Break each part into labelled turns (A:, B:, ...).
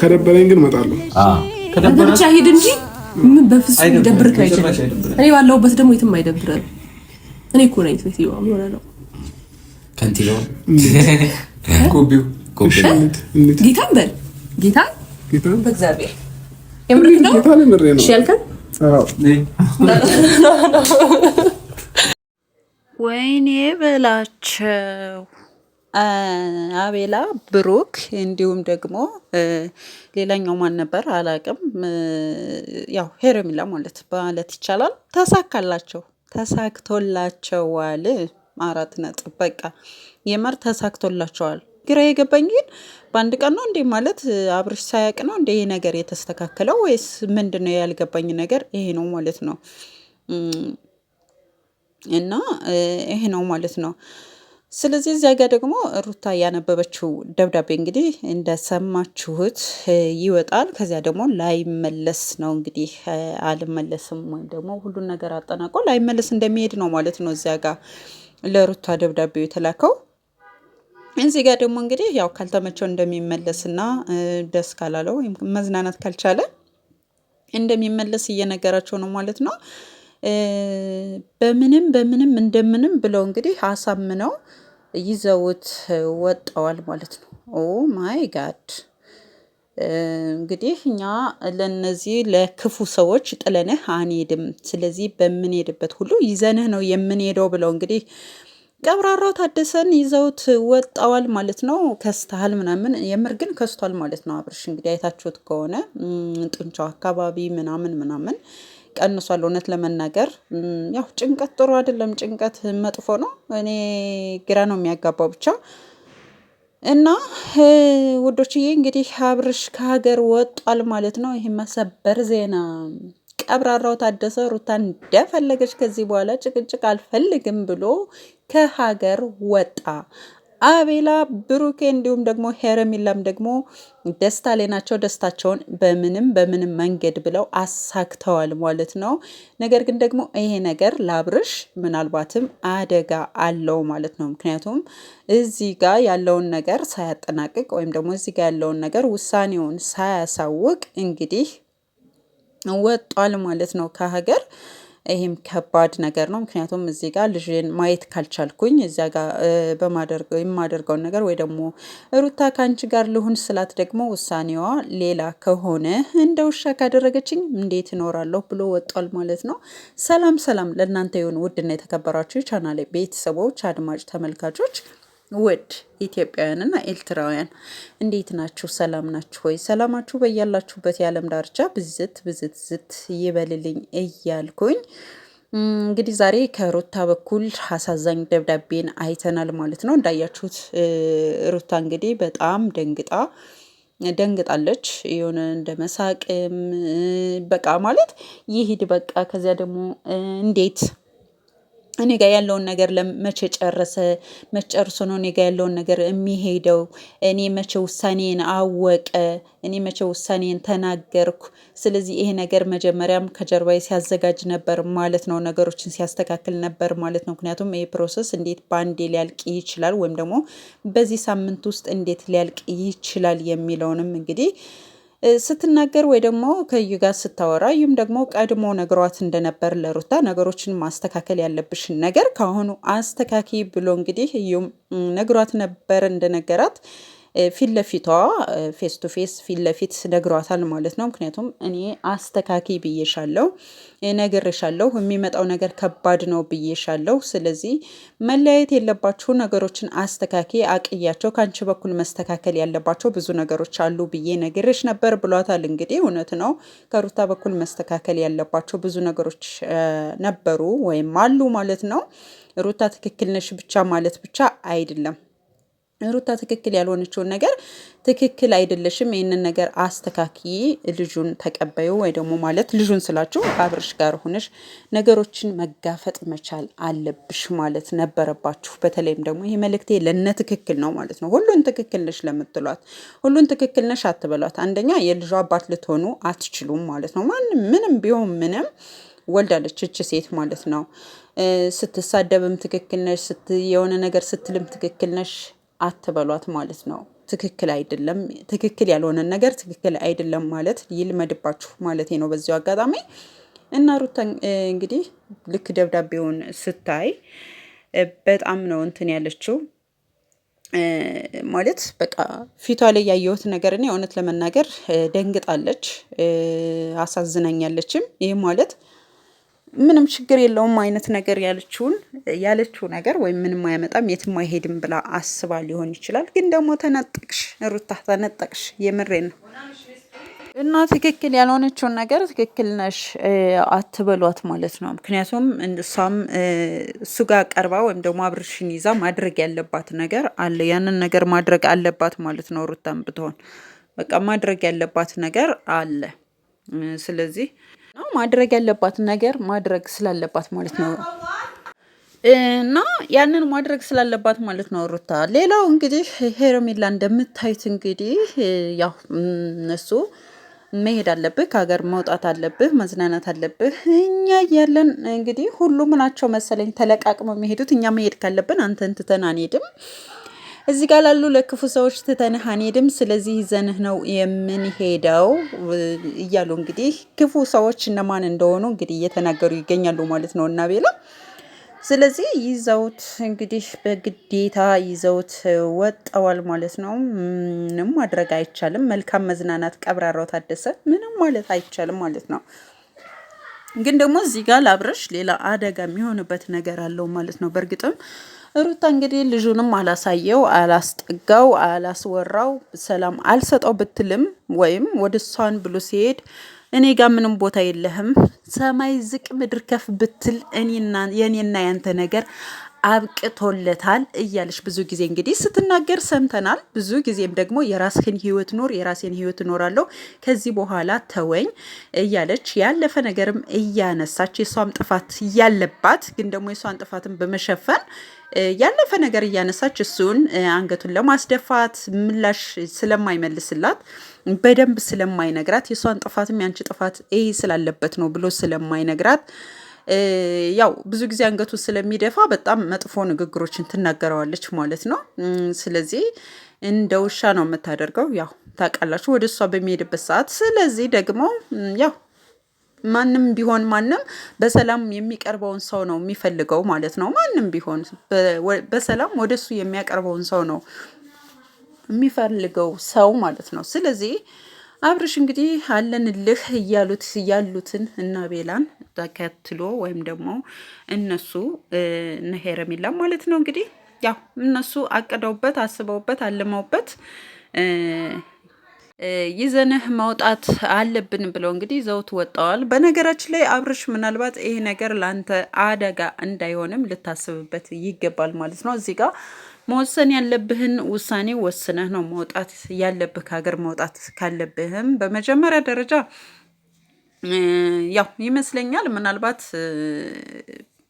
A: ከደበረኝ ግን እመጣለሁ።
B: ብቻ ሂድ እንጂ ምን በፍጹም ይደብርክ አይችልም። እኔ ባለሁበት ደግሞ የትም አይደብርም። እኔ እኮ ነኝ ሴትዮዋ ሆነ ነው ከንቲባው ጌታን በል ጌታን በእግዚአብሔር የምር ነው ጌታ ወይኔ በላቸው አቤላ ብሩክ እንዲሁም ደግሞ ሌላኛው ማን ነበር አላቅም። ያው ሄረሚላ ማለት ማለት ይቻላል ተሳካላቸው፣ ተሳክቶላቸዋል። አራት ነጥብ በቃ የመር ተሳክቶላቸዋል። ግራ የገባኝ ግን በአንድ ቀን ነው እንዴ ማለት አብርሽ ሳያቅ ነው እንደ ይሄ ነገር የተስተካከለው ወይስ ምንድን ነው ያልገባኝ ነገር ይሄ ነው ማለት ነው። እና ይሄ ነው ማለት ነው። ስለዚህ እዚያ ጋር ደግሞ ሩታ ያነበበችው ደብዳቤ እንግዲህ እንደሰማችሁት ይወጣል። ከዚያ ደግሞ ላይመለስ ነው እንግዲህ አልመለስም ወይም ደግሞ ሁሉን ነገር አጠናቆ ላይመለስ እንደሚሄድ ነው ማለት ነው። እዚያ ጋር ለሩታ ደብዳቤው የተላከው እዚህ ጋር ደግሞ እንግዲህ ያው ካልተመቸው እንደሚመለስና ደስ ካላለው ወይም መዝናናት ካልቻለ እንደሚመለስ እየነገራቸው ነው ማለት ነው። በምንም በምንም እንደምንም ብለው እንግዲህ አሳምነው ይዘውት ወጠዋል ማለት ነው። ኦ ማይ ጋድ! እንግዲህ እኛ ለነዚህ ለክፉ ሰዎች ጥለንህ አንሄድም፣ ስለዚህ በምንሄድበት ሁሉ ይዘንህ ነው የምንሄደው ብለው እንግዲህ ቀብራራው ታደሰን ይዘውት ወጣዋል ማለት ነው። ከስተሃል ምናምን የምር ግን ከስቷል ማለት ነው። አብርሽ እንግዲህ አይታችሁት ከሆነ ጡንቻው አካባቢ ምናምን ምናምን ቀንሷል። እውነት ለመናገር ያው ጭንቀት ጥሩ አይደለም፣ ጭንቀት መጥፎ ነው። እኔ ግራ ነው የሚያጋባው ብቻ እና ውዶችዬ እንግዲህ አብርሽ ከሀገር ወጧል ማለት ነው። ይህ መሰበር ዜና ቀብራራው ታደሰ ሩታ እንደፈለገች ከዚህ በኋላ ጭቅጭቅ አልፈልግም ብሎ ከሀገር ወጣ። አቤላ፣ ብሩኬ እንዲሁም ደግሞ ሄረሚላም ደግሞ ደስታ ላይ ናቸው። ደስታቸውን በምንም በምንም መንገድ ብለው አሳክተዋል ማለት ነው። ነገር ግን ደግሞ ይሄ ነገር ላብርሽ ምናልባትም አደጋ አለው ማለት ነው። ምክንያቱም እዚህ ጋር ያለውን ነገር ሳያጠናቅቅ ወይም ደግሞ እዚህ ጋር ያለውን ነገር ውሳኔውን ሳያሳውቅ እንግዲህ ወጧል ማለት ነው ከሀገር ይሄም ከባድ ነገር ነው። ምክንያቱም እዚህ ጋር ልጅን ማየት ካልቻልኩኝ እዚያ ጋር በማደርገው የማደርገውን ነገር ወይ ደግሞ ሩታ ከአንቺ ጋር ልሁን ስላት ደግሞ ውሳኔዋ ሌላ ከሆነ እንደ ውሻ ካደረገችኝ እንዴት እኖራለሁ ብሎ ወጧል ማለት ነው። ሰላም ሰላም፣ ለእናንተ የሆኑ ውድና የተከበራችሁ ቻናሌ ቤተሰቦች አድማጭ ተመልካቾች ውድ ኢትዮጵያውያንና ኤርትራውያን እንዴት ናችሁ? ሰላም ናችሁ ወይ? ሰላማችሁ በያላችሁበት የዓለም ዳርቻ ብዝት ብዝት ዝት ይበልልኝ እያልኩኝ እንግዲህ ዛሬ ከሩታ በኩል አሳዛኝ ደብዳቤን አይተናል ማለት ነው። እንዳያችሁት ሩታ እንግዲህ በጣም ደንግጣ ደንግጣለች። የሆነ እንደ መሳቅም በቃ ማለት ይሂድ በቃ ከዚያ ደግሞ እንዴት እኔ ጋር ያለውን ነገር መቼ ጨረሰ? መቼ ጨርሶ ነው እኔ ጋር ያለውን ነገር የሚሄደው? እኔ መቼ ውሳኔን አወቀ? እኔ መቼ ውሳኔን ተናገርኩ? ስለዚህ ይሄ ነገር መጀመሪያም ከጀርባዬ ሲያዘጋጅ ነበር ማለት ነው፣ ነገሮችን ሲያስተካክል ነበር ማለት ነው። ምክንያቱም ይህ ፕሮሰስ እንዴት በአንዴ ሊያልቅ ይችላል፣ ወይም ደግሞ በዚህ ሳምንት ውስጥ እንዴት ሊያልቅ ይችላል የሚለውንም እንግዲህ ስትናገር ወይ ደግሞ ከዩ ጋር ስታወራ እዩም ደግሞ ቀድሞ ነግሯት እንደነበር ለሩታ ነገሮችን ማስተካከል ያለብሽን ነገር ከአሁኑ አስተካኪ ብሎ እንግዲህ እዩም ነግሯት ነበር እንደነገራት ፊት ለፊቷ ፌስ ቱ ፌስ ፊት ለፊት ነግሯታል ማለት ነው። ምክንያቱም እኔ አስተካኪ ብዬሻለሁ፣ ነግሬሻለሁ፣ የሚመጣው ነገር ከባድ ነው ብዬሻለሁ። ስለዚህ መለያየት የለባችሁ ነገሮችን አስተካኪ አቅያቸው፣ ከአንቺ በኩል መስተካከል ያለባቸው ብዙ ነገሮች አሉ ብዬ ነግሬሽ ነበር ብሏታል። እንግዲህ እውነት ነው፣ ከሩታ በኩል መስተካከል ያለባቸው ብዙ ነገሮች ነበሩ ወይም አሉ ማለት ነው። ሩታ ትክክል ነሽ ብቻ ማለት ብቻ አይደለም። ሩታ ትክክል ያልሆነችውን ነገር ትክክል አይደለሽም፣ ይህንን ነገር አስተካኪ፣ ልጁን ተቀበዩ ወይ ደግሞ ማለት ልጁን ስላችሁ አብርሽ ጋር ሆነሽ ነገሮችን መጋፈጥ መቻል አለብሽ ማለት ነበረባችሁ። በተለይም ደግሞ ይህ መልእክቴ ለነ ትክክል ነው ማለት ነው። ሁሉን ትክክል ነሽ ለምትሏት ሁሉን ትክክል ነሽ አትበሏት። አንደኛ የልጇ አባት ልትሆኑ አትችሉም ማለት ነው። ማንም ምንም ቢሆን ምንም ወልዳለች እች ሴት ማለት ነው። ስትሳደብም ትክክል ነሽ፣ የሆነ ነገር ስትልም ትክክል ነሽ። አትበሏት ማለት ነው። ትክክል አይደለም። ትክክል ያልሆነን ነገር ትክክል አይደለም ማለት ይልመድባችሁ ማለት ነው በዚሁ አጋጣሚ እና ሩታ እንግዲህ ልክ ደብዳቤውን ስታይ በጣም ነው እንትን ያለችው ማለት በቃ ፊቷ ላይ ያየሁት ነገር እኔ እውነት ለመናገር ደንግጣለች፣ አሳዝናኛለችም ይህ ማለት ምንም ችግር የለውም አይነት ነገር ያለችውን ያለችው ነገር ወይም ምንም አያመጣም የትም አይሄድም ብላ አስባ ሊሆን ይችላል። ግን ደግሞ ተነጠቅሽ ሩታ ተነጠቅሽ። የምሬ ነው እና ትክክል ያልሆነችውን ነገር ትክክል ነሽ አትበሏት ማለት ነው። ምክንያቱም እሷም እሱ ጋር ቀርባ ወይም ደግሞ አብርሽን ይዛ ማድረግ ያለባት ነገር አለ። ያንን ነገር ማድረግ አለባት ማለት ነው። ሩታም ብትሆን በቃ ማድረግ ያለባት ነገር አለ። ስለዚህ ማድረግ ያለባትን ነገር ማድረግ ስላለባት ማለት ነው እና ያንን ማድረግ ስላለባት ማለት ነው ሩታ። ሌላው እንግዲህ ሄርሜላ እንደምታዩት እንግዲህ ያው እነሱ መሄድ አለብህ፣ ከሀገር መውጣት አለብህ፣ መዝናናት አለብህ። እኛ እያለን እንግዲህ ሁሉም ናቸው መሰለኝ ተለቃቅመው የሚሄዱት። እኛ መሄድ ካለብን አንተን ትተን አንሄድም። እዚህ ጋር ላሉ ለክፉ ሰዎች ትተንህ አንሄድም፣ ስለዚህ ይዘንህ ነው የምንሄደው እያሉ እንግዲህ ክፉ ሰዎች እነማን እንደሆኑ እንግዲህ እየተናገሩ ይገኛሉ ማለት ነው እና ቤላ ስለዚህ ይዘውት እንግዲህ በግዴታ ይዘውት ወጠዋል ማለት ነው። ምንም ማድረግ አይቻልም። መልካም መዝናናት ቀብራራው ታደሰ ምንም ማለት አይቻልም ማለት ነው። ግን ደግሞ እዚህ ጋር ላብረሽ ሌላ አደጋ የሚሆንበት ነገር አለው ማለት ነው በእርግጥም ሩታ እንግዲህ ልጁንም አላሳየው፣ አላስጠጋው፣ አላስወራው፣ ሰላም አልሰጠው ብትልም ወይም ወደ እሷን ብሎ ሲሄድ እኔ ጋር ምንም ቦታ የለህም ሰማይ ዝቅ ምድር ከፍ ብትል የኔና ያንተ ነገር አብቅቶለታል እያለች ብዙ ጊዜ እንግዲህ ስትናገር ሰምተናል። ብዙ ጊዜም ደግሞ የራስህን ህይወት ኖር፣ የራሴን ህይወት እኖራለሁ፣ ከዚህ በኋላ ተወኝ እያለች ያለፈ ነገርም እያነሳች የሷም ጥፋት እያለባት ግን ደግሞ የሷን ጥፋትን በመሸፈን ያለፈ ነገር እያነሳች እሱን አንገቱን ለማስደፋት ምላሽ ስለማይመልስላት በደንብ ስለማይነግራት የእሷን ጥፋትም ያንቺ ጥፋት ይሄ ስላለበት ነው ብሎ ስለማይነግራት ያው ብዙ ጊዜ አንገቱን ስለሚደፋ በጣም መጥፎ ንግግሮችን ትናገረዋለች ማለት ነው። ስለዚህ እንደ ውሻ ነው የምታደርገው። ያው ታውቃላችሁ ወደ እሷ በሚሄድበት ሰዓት። ስለዚህ ደግሞ ያው ማንም ቢሆን ማንም በሰላም የሚቀርበውን ሰው ነው የሚፈልገው ማለት ነው። ማንም ቢሆን በሰላም ወደሱ የሚያቀርበውን ሰው ነው የሚፈልገው ሰው ማለት ነው። ስለዚህ አብርሽ እንግዲህ አለንልህ እያሉት ያሉትን እና ቤላን ተከትሎ ወይም ደግሞ እነሱ እነ ሄረሚላ ማለት ነው እንግዲህ ያው እነሱ አቅደውበት አስበውበት አልመውበት ይዘንህ መውጣት አለብን ብለው እንግዲህ ይዘውት ወጥተዋል። በነገራችን ላይ አብርሽ ምናልባት ይሄ ነገር ለአንተ አደጋ እንዳይሆንም ልታስብበት ይገባል ማለት ነው። እዚህ ጋር መወሰን ያለብህን ውሳኔ ወስነህ ነው መውጣት ያለብህ ከሀገር መውጣት ካለብህም በመጀመሪያ ደረጃ ያው ይመስለኛል ምናልባት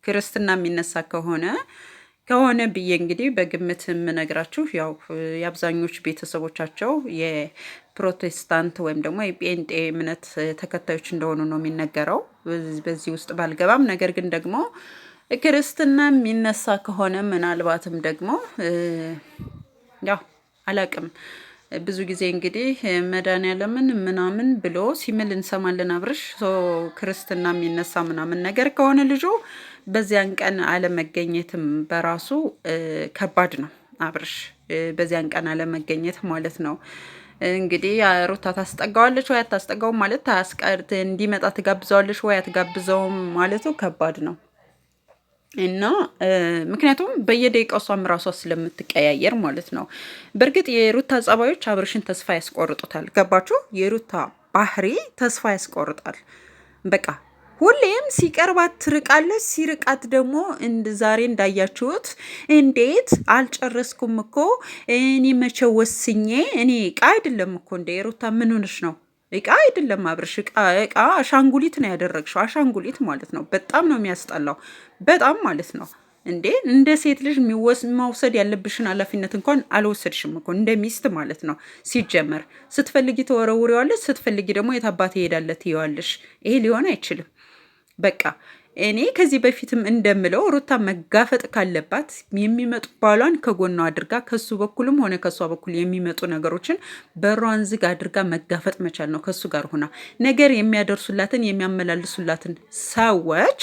B: ክርስትና የሚነሳ ከሆነ ከሆነ ብዬ እንግዲህ በግምት የምነግራችሁ ያው የአብዛኞቹ ቤተሰቦቻቸው ፕሮቴስታንት ወይም ደግሞ የጴንጤ እምነት ተከታዮች እንደሆኑ ነው የሚነገረው። በዚህ ውስጥ ባልገባም፣ ነገር ግን ደግሞ ክርስትና የሚነሳ ከሆነ ምናልባትም ደግሞ ያው አላቅም ብዙ ጊዜ እንግዲህ መድኃኒዓለምን ምናምን ብሎ ሲምል እንሰማለን። አብርሽ ክርስትና የሚነሳ ምናምን ነገር ከሆነ ልጁ በዚያን ቀን አለመገኘትም በራሱ ከባድ ነው። አብርሽ በዚያን ቀን አለመገኘት ማለት ነው። እንግዲህ ሩታ ታስጠጋዋለች ወይ አታስጠጋውም ማለት ታስቀርት እንዲመጣ ትጋብዘዋለች ወይ አትጋብዘውም ማለቱ ከባድ ነው እና ምክንያቱም በየደቂቃው እሷም ራሷ ስለምትቀያየር ማለት ነው። በእርግጥ የሩታ ጸባዮች አብርሽን ተስፋ ያስቆርጡታል። ገባችሁ? የሩታ ባህሪ ተስፋ ያስቆርጣል። በቃ ሁሌም ሲቀርባት ትርቃለች፣ ሲርቃት ደግሞ ዛሬ እንዳያችሁት እንዴት አልጨረስኩም እኮ እኔ መቼ ወስኜ እኔ እቃ አይደለም እኮ እንደ ሩታ ምን ሆነሽ ነው? እቃ አይደለም አብርሽ፣ እቃ አሻንጉሊት ነው ያደረግሽው። አሻንጉሊት ማለት ነው። በጣም ነው የሚያስጠላው፣ በጣም ማለት ነው። እንዴ እንደ ሴት ልጅ መውሰድ ያለብሽን ኃላፊነት እንኳን አልወሰድሽም እኮ እንደ ሚስት ማለት ነው። ሲጀመር ስትፈልጊ ተወረውሪዋለሽ፣ ስትፈልጊ ደግሞ የታባት ይሄዳለ ትይዋለሽ። ይሄ ሊሆን አይችልም። በቃ እኔ ከዚህ በፊትም እንደምለው ሩታ መጋፈጥ ካለባት የሚመጡ ባሏን ከጎኗ አድርጋ ከሱ በኩልም ሆነ ከሷ በኩል የሚመጡ ነገሮችን በሯን ዝግ አድርጋ መጋፈጥ መቻል ነው። ከሱ ጋር ሆና ነገር የሚያደርሱላትን የሚያመላልሱላትን ሰዎች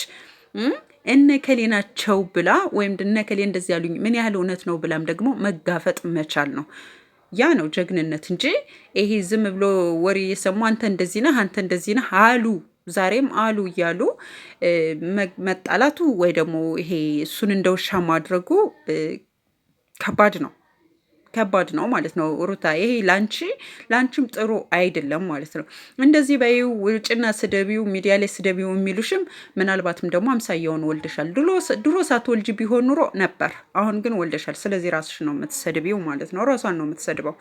B: እነከሌ ናቸው ብላ ወይም እነከሌ እንደዚህ ያሉኝ ምን ያህል እውነት ነው ብላም ደግሞ መጋፈጥ መቻል ነው። ያ ነው ጀግንነት እንጂ ይሄ ዝም ብሎ ወሬ የሰሙ አንተ እንደዚህ ነህ አንተ እንደዚህ ነህ አሉ ዛሬም አሉ እያሉ መጣላቱ ወይ ደግሞ ይሄ እሱን እንደ ውሻ ማድረጉ ከባድ ነው ከባድ ነው ማለት ነው። ሩታ ይሄ ላንቺ ላንቺም ጥሩ አይደለም ማለት ነው። እንደዚህ በይው ውጭና ስደቢው ሚዲያ ላይ ስደቢው የሚሉሽም ምናልባትም ደግሞ አምሳያውን ወልደሻል። ድሮ ሳትወልጅ ቢሆን ኑሮ ነበር። አሁን ግን ወልደሻል። ስለዚህ ራስሽ ነው የምትሰድቢው ማለት ነው። ራሷን ነው የምትሰድበው።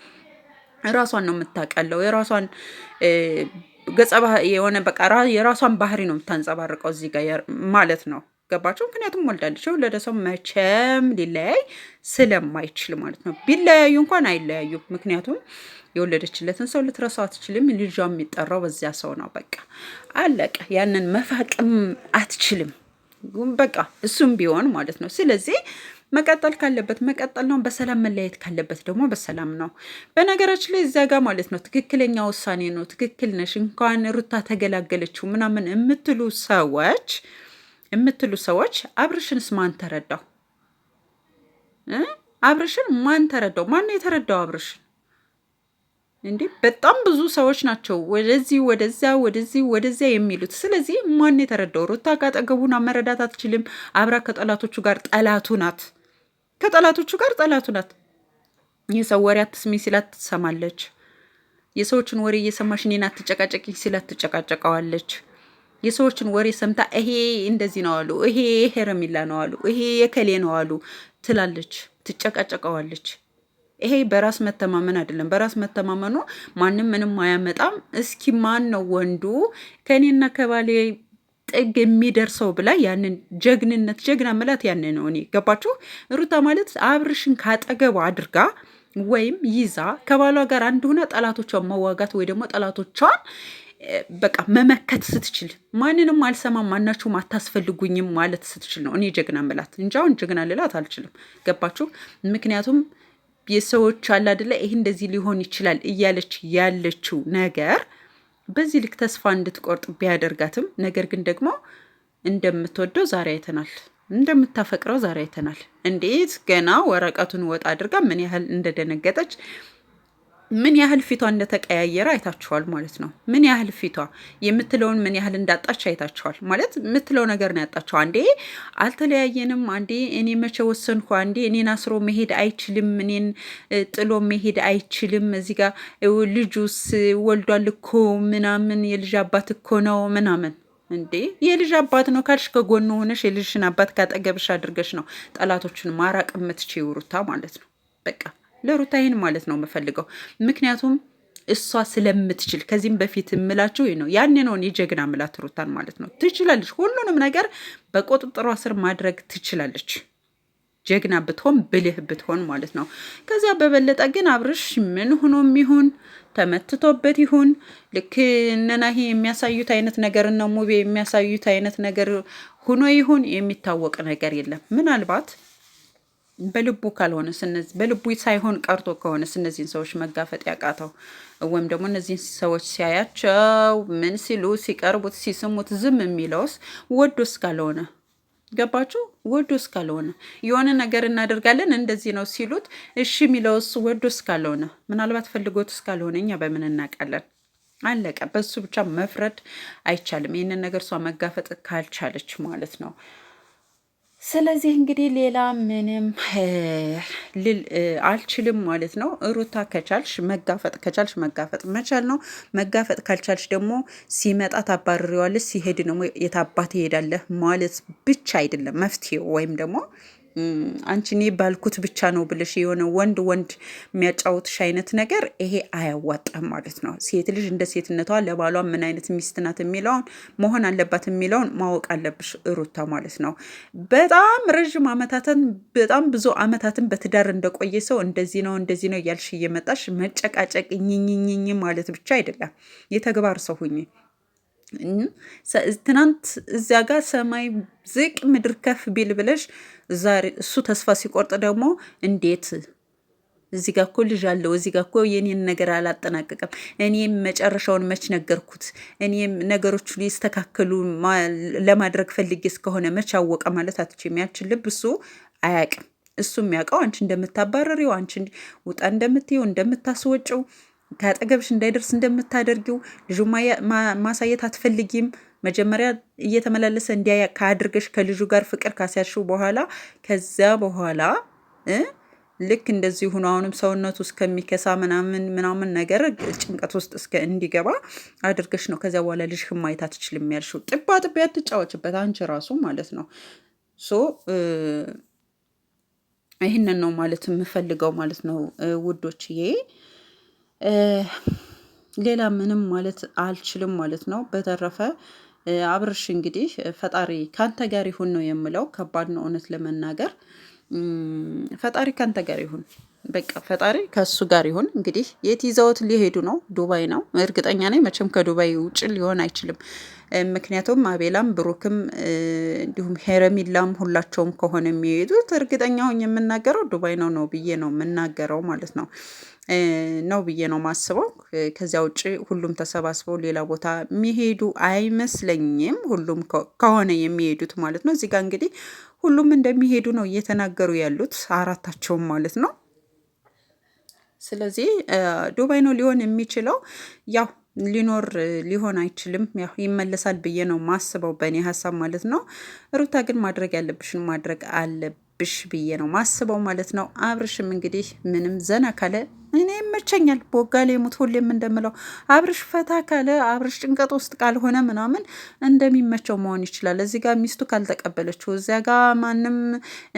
B: ራሷን ነው የምታቀለው የራሷን ገጸ የሆነ በቃ የራሷን ባህሪ ነው የምታንጸባርቀው እዚህ ጋር ማለት ነው። ገባቸው። ምክንያቱም ወልዳለች። የወለደ ሰው መቼም ሊለያይ ስለማይችል ማለት ነው። ቢለያዩ እንኳን አይለያዩም። ምክንያቱም የወለደችለትን ሰው ልትረሳው አትችልም። ልጇ የሚጠራው በዚያ ሰው ነው። በቃ አለቀ። ያንን መፋቅም አትችልም። በቃ እሱም ቢሆን ማለት ነው። ስለዚህ መቀጠል ካለበት መቀጠል ነው። በሰላም መለያየት ካለበት ደግሞ በሰላም ነው። በነገራችን ላይ እዚያ ጋር ማለት ነው ትክክለኛ ውሳኔ ነው። ትክክል ነሽ፣ እንኳን ሩታ ተገላገለችው ምናምን የምትሉ ሰዎች የምትሉ ሰዎች አብርሽንስ ማን ተረዳው? አብርሽን ማን ተረዳው? ማን ነው የተረዳው አብርሽን? እንዴ በጣም ብዙ ሰዎች ናቸው ወደዚህ ወደዚያ ወደዚህ ወደዚያ የሚሉት። ስለዚህ ማን የተረዳው? ሩታ ካጠገቡና መረዳት አትችልም። አብራ ከጠላቶቹ ጋር ጠላቱ ናት። ከጠላቶቹ ጋር ጠላቱ ናት። የሰው ወሬ አትስሚ ሲላት ትሰማለች። የሰዎችን ወሬ እየሰማሽ እኔን አትጨቃጨቂ ሲላት ትጨቃጨቀዋለች። የሰዎችን ወሬ ሰምታ ይሄ እንደዚህ ነው አሉ፣ ይሄ ሄረሚላ ነው አሉ፣ ይሄ የከሌ ነው አሉ ትላለች፣ ትጨቃጨቀዋለች። ይሄ በራስ መተማመን አይደለም። በራስ መተማመኑ ማንም ምንም አያመጣም። እስኪ ማን ነው ወንዱ ከእኔና ከባሌ ጥግ የሚደርሰው ብላ ያንን ጀግንነት ጀግና መላት ያን ነው። እኔ ገባችሁ? ሩታ ማለት አብርሽን ካጠገቡ አድርጋ ወይም ይዛ ከባሏ ጋር አንድ ሆና ጠላቶቿን መዋጋት ወይ ደግሞ ጠላቶቿን በቃ መመከት ስትችል ማንንም አልሰማም፣ ማናችሁም አታስፈልጉኝም ማለት ስትችል ነው እኔ ጀግና ምላት እንጂ አሁን ጀግና ልላት አልችልም። ገባችሁ? ምክንያቱም የሰዎች አላደለ ይህ እንደዚህ ሊሆን ይችላል እያለች ያለችው ነገር በዚህ ልክ ተስፋ እንድትቆርጥ ቢያደርጋትም ነገር ግን ደግሞ እንደምትወደው ዛሬ አይተናል። እንደምታፈቅረው ዛሬ አይተናል። እንዴት ገና ወረቀቱን ወጣ አድርጋ ምን ያህል እንደደነገጠች ምን ያህል ፊቷ እንደተቀያየረ አይታችኋል ማለት ነው። ምን ያህል ፊቷ የምትለውን ምን ያህል እንዳጣች አይታችኋል ማለት የምትለው ነገር ነው ያጣቸው። አንዴ አልተለያየንም፣ አንዴ እኔ መቼ ወሰንኩ፣ አንዴ እኔን አስሮ መሄድ አይችልም፣ እኔን ጥሎ መሄድ አይችልም፣ እዚህ ጋር ልጁስ ወልዷል እኮ ምናምን፣ የልጅ አባት እኮ ነው ምናምን እንዴ የልጅ አባት ነው ካልሽ ከጎኑ ሆነሽ የልጅሽን አባት ካጠገብሽ አድርገሽ ነው ጠላቶችን ማራቅ የምትችይው ሩታ ማለት ነው በቃ ለሩታ ማለት ነው የምፈልገው። ምክንያቱም እሷ ስለምትችል ከዚህም በፊት የምላችሁ ነው። ያን የጀግና ምላት ሩታን ማለት ነው። ትችላለች፣ ሁሉንም ነገር በቁጥጥሯ ስር ማድረግ ትችላለች። ጀግና ብትሆን ብልህ ብትሆን ማለት ነው። ከዚያ በበለጠ ግን አብርሽ ምን ሆኖም ይሁን ተመትቶበት ይሁን ልክ እነ የሚያሳዩት አይነት ነገር እና ሙቤ የሚያሳዩት አይነት ነገር ሆኖ ይሁን የሚታወቅ ነገር የለም ምናልባት በልቡ ካልሆነ በልቡ ሳይሆን ቀርቶ ከሆነስ እነዚህን ሰዎች መጋፈጥ ያቃተው ወይም ደግሞ እነዚህን ሰዎች ሲያያቸው ምን ሲሉ ሲቀርቡት ሲስሙት ዝም የሚለውስ ወዶስ ካልሆነ ገባችሁ? ወዶስ ካልሆነ የሆነ ነገር እናደርጋለን እንደዚህ ነው ሲሉት እሺ የሚለውስ ወዶስ ካልሆነ ምናልባት ፈልጎትስ ካልሆነ እኛ በምን እናውቃለን? አለቀ። በሱ ብቻ መፍረድ አይቻልም። ይህንን ነገር እሷ መጋፈጥ ካልቻለች ማለት ነው። ስለዚህ እንግዲህ ሌላ ምንም ልል አልችልም ማለት ነው። ሩታ ከቻልሽ መጋፈጥ ከቻልሽ መጋፈጥ መቻል ነው። መጋፈጥ ካልቻልሽ ደግሞ ሲመጣ ታባርሪዋለሽ፣ ሲሄድ ደግሞ የታባት ይሄዳለህ ማለት ብቻ አይደለም መፍትሄው ወይም ደግሞ አንቺ እኔ ባልኩት ብቻ ነው ብለሽ የሆነ ወንድ ወንድ የሚያጫወትሽ አይነት ነገር ይሄ አያዋጣም ማለት ነው። ሴት ልጅ እንደ ሴትነቷ ለባሏ ምን አይነት ሚስት ናት የሚለውን መሆን አለባት የሚለውን ማወቅ አለብሽ ሩታ ማለት ነው። በጣም ረዥም አመታትን በጣም ብዙ አመታትን በትዳር እንደቆየ ሰው እንደዚህ ነው እንደዚህ ነው እያልሽ እየመጣሽ መጨቃጨቅ ኝኝኝኝ ማለት ብቻ አይደለም የተግባር ሰው ሁኝ ትናንት እዚያ ጋር ሰማይ ዝቅ ምድር ከፍ ቢል ብለሽ ዛሬ እሱ ተስፋ ሲቆርጥ ደግሞ እንዴት እዚህ ጋር እኮ ልጅ አለው፣ እዚህ ጋር እኮ የኔን ነገር አላጠናቀቀም፣ እኔም መጨረሻውን መች ነገርኩት፣ እኔም ነገሮቹ ሊስተካከሉ ለማድረግ ፈልጌ እስከሆነ መች አወቀ ማለት አትች ያችን ልብ እሱ አያውቅም። እሱ የሚያውቀው አንቺ እንደምታባረሪው፣ አንቺ ውጣ እንደምትየው እንደምታስወጭው ከአጠገብሽ እንዳይደርስ እንደምታደርጊው ልጁ ማሳየት አትፈልጊም። መጀመሪያ እየተመላለሰ እንዲያ ካድርገሽ ከልጁ ጋር ፍቅር ካስያሽው በኋላ ከዛ በኋላ ልክ እንደዚህ ሆኖ አሁንም ሰውነቱ እስከሚከሳ ምናምን ምናምን ነገር ጭንቀት ውስጥ እስከ እንዲገባ አድርገሽ ነው። ከዚያ በኋላ ልጅሽን ማየት አትችልም ያልሽው። ጥባ ጥቤ አትጫወችበት አንቺ ራሱ ማለት ነው። ሶ ይህንን ነው ማለት የምፈልገው ማለት ነው ውዶችዬ። ሌላ ምንም ማለት አልችልም ማለት ነው። በተረፈ አብርሽ እንግዲህ ፈጣሪ ከአንተ ጋር ይሁን ነው የምለው። ከባድ ነው እውነት ለመናገር ፈጣሪ ከአንተ ጋር ይሁን፣ በቃ ፈጣሪ ከእሱ ጋር ይሁን። እንግዲህ የት ይዘውት ሊሄዱ ነው? ዱባይ ነው እርግጠኛ ነኝ። መቼም ከዱባይ ውጭ ሊሆን አይችልም። ምክንያቱም አቤላም ብሩክም እንዲሁም ሄረሚላም ሁላቸውም ከሆነ የሚሄዱት እርግጠኛ ሆኜ የምናገረው ዱባይ ነው ነው ብዬ ነው የምናገረው ማለት ነው። ነው ብዬ ነው ማስበው ከዚያ ውጭ ሁሉም ተሰባስበው ሌላ ቦታ የሚሄዱ አይመስለኝም። ሁሉም ከሆነ የሚሄዱት ማለት ነው። እዚህ ጋር እንግዲህ ሁሉም እንደሚሄዱ ነው እየተናገሩ ያሉት አራታቸውም ማለት ነው። ስለዚህ ዱባይ ነው ሊሆን የሚችለው ያው ሊኖር ሊሆን አይችልም። ያው ይመለሳል ብዬ ነው ማስበው በእኔ ሀሳብ ማለት ነው። ሩታ ግን ማድረግ ያለብሽን ማድረግ አለብሽ ብዬ ነው ማስበው ማለት ነው። አብርሽም እንግዲህ ምንም ዘና ካለ እኔ ይመቸኛል። ቦጋሌ ሙት ሁሌም እንደምለው አብርሽ ፈታ ካለ አብርሽ ጭንቀት ውስጥ ካልሆነ ምናምን እንደሚመቸው መሆን ይችላል። እዚህ ጋር ሚስቱ ካልተቀበለችው፣ እዚያ ጋር ማንም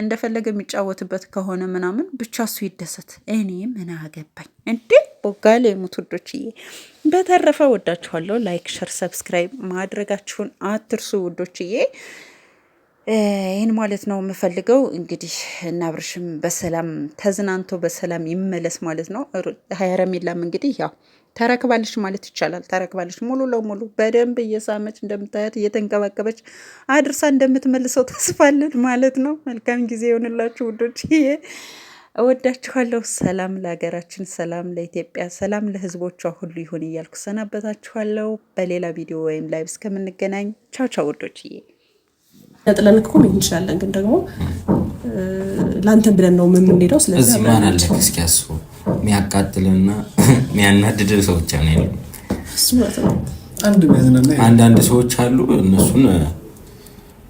B: እንደፈለገ የሚጫወትበት ከሆነ ምናምን ብቻ እሱ ይደሰት። እኔ ምን አገባኝ እንዴ? ቦጋሌ ሙት ውዶችዬ። በተረፈ ወዳችኋለሁ። ላይክ፣ ሸር፣ ሰብስክራይብ ማድረጋችሁን አትርሱ ውዶችዬ። ይህን ማለት ነው የምፈልገው። እንግዲህ እና በሰላም ተዝናንቶ በሰላም ይመለስ ማለት ነው። ሀያረሚላም እንግዲህ ያው ተረክባለች ማለት ይቻላል። ተረክባለች ሙሉ ለሙሉ በደንብ እየሳመች እንደምታያት እየተንከባከበች አድርሳ እንደምትመልሰው ተስፋለን ማለት ነው። መልካም ጊዜ የሆንላችሁ ውዶች፣ እወዳችኋለሁ። ሰላም ለሀገራችን፣ ሰላም ለኢትዮጵያ፣ ሰላም ለህዝቦቿ ሁሉ ይሁን እያልኩ ሰናበታችኋለሁ። በሌላ ቪዲዮ ወይም ላይቭ እስከምንገናኝ ቻው ቻው ውዶችዬ። ነጥለን እኮ መሄድ እንችላለን፣ ግን ደግሞ ለአንተን ብለን ነው የምንሄደው። ስለዚህ ማን አለ እስኪ ያስቡ። የሚያቃጥልና የሚያናድድ ሰው ብቻ ነው። ያለው። አንዳንድ ሰዎች አሉ፣ እነሱን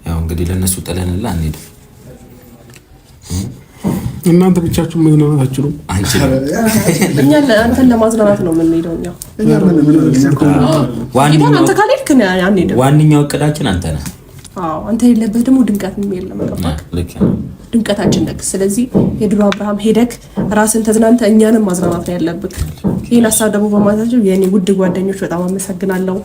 B: ያው እንግዲህ ለእነሱ ጥለንላ አንሄድም። እናንተ ብቻችሁን መዝናናት አችሉም። አንተን ለማዝናናት ነው የምንሄደው። ዋንኛው እቅዳችን አንተ ነህ። አንተ የሌለበት ደግሞ ድንቀት የለም። ገባክ? ድንቀታችን ነክ። ስለዚህ የድሮ አብርሃም ሄደክ ራስን ተዝናንተ እኛንም ማዝናናት ነው ያለብክ። ይህን ሀሳብ ደግሞ በማለታቸው የእኔ ውድ ጓደኞች በጣም አመሰግናለሁ።